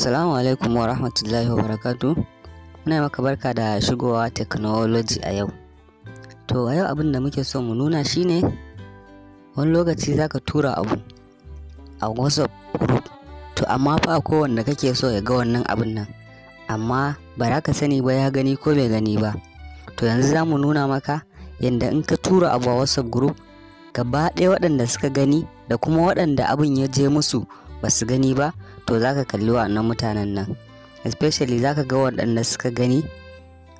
Assalamu alaikum wa rahmatullahi wa barakatu. Muna maka barka da shigowa technology a yau. To a yau abin da muke so mu nuna shi ne? wani lokaci za ka tura abu a WhatsApp group to amma fa wanda kake so ya ga wannan abin nan amma ba za ka sani ba ya gani ko bai gani ba. To yanzu za mu nuna maka yadda in ka tura abu a WhatsApp group gaba ɗaya waɗanda suka gani da kuma waɗanda abin ya je musu ba su gani ba to za ka kalli waɗannan mutanen nan especially za ka ga waɗanda suka gani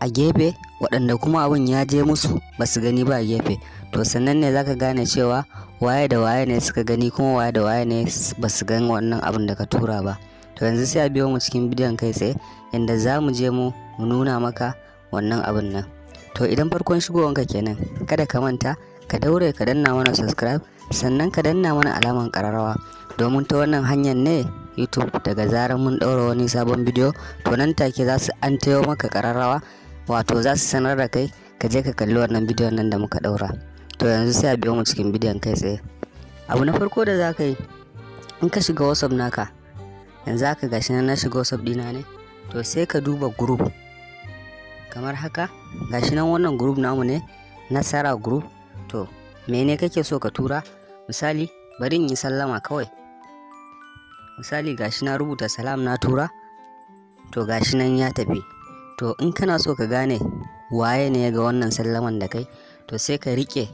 a gefe waɗanda kuma abin ya je musu ba su gani ba a gefe to sannan ne za ka gane cewa waye da waye ne suka gani kuma waye da waye ne ba su gan wannan abin da ka tura ba to yanzu sai a biyo mu cikin bidiyon kai tsaye inda za mu je mu mu nuna maka wannan abin nan to idan farkon shigowanka kenan kada ka manta ka daure ka danna mana subscribe sannan ka danna mana alamar ƙararrawa domin ta wannan hanyar ne youtube daga zarar mun ɗaura wani sabon bidiyo to nan take za su an tayo maka ƙararrawa wato za su sanar da kai ka je ka kalli wannan bidiyon nan da muka ɗaura to yanzu sai a biyo mu cikin bidiyon kai tsaye abu na farko da za ka yi in ka shiga whatsapp naka yanzu aka gashi na shiga whatsapp dina ne to sai ka duba group kamar haka gashi nan wannan group namu ne nasara group to mene kake so ka tura misali bari in yi sallama kawai misali gashi na rubuta salam na tura to gashi nan ya tafi to in kana so ka gane waye ne ga wannan sallaman da kai to sai ka rike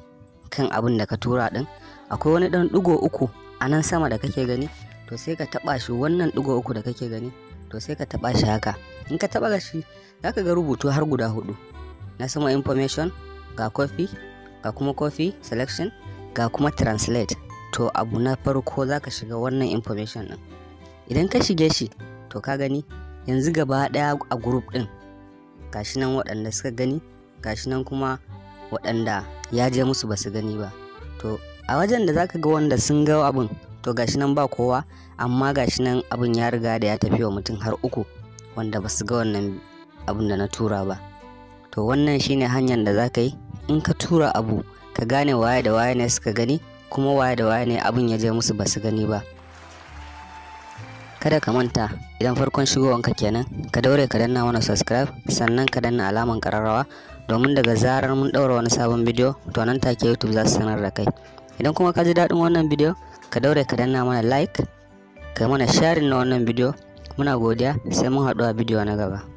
kan abin da ka tura din akwai wani dan digo uku a nan sama da kake gani to sai ka taba shi wannan digo uku da kake gani to sai ka taba shi haka in ka taba shi zaka ga rubutu har guda hudu na sama information ga coffee ga kuma coffee selection ga kuma translate to abu na farko za ka shiga wannan information ɗin idan ka shige shi to ka gani yanzu gaba ɗaya a group ɗin gashi nan waɗanda suka gani gashi nan kuma waɗanda ya je musu ba su gani ba to a wajen da zaka ga wanda sun ga abin to gashi nan ba kowa amma gashi nan abin ya riga da ya tafi wa mutum har uku wanda ba su ga wannan abin da na tura ba to wannan shine hanyar da zaka yi in ka tura abu ka gane waye da waye ne suka gani kuma waye da waye ne abin ya je musu ba su gani ba kada ka manta idan farkon shigowanka kenan ka daure ka danna mana subscribe sannan ka danna alamar kararrawa domin daga zarar mun daura wani sabon bidiyo to nan take youtube za su sanar da kai idan kuma ka ji daɗin wannan bidiyo ka daure ka danna mana like ka mana sharing na wannan bidiyo muna godiya sai mun haɗu a bidiyo na gaba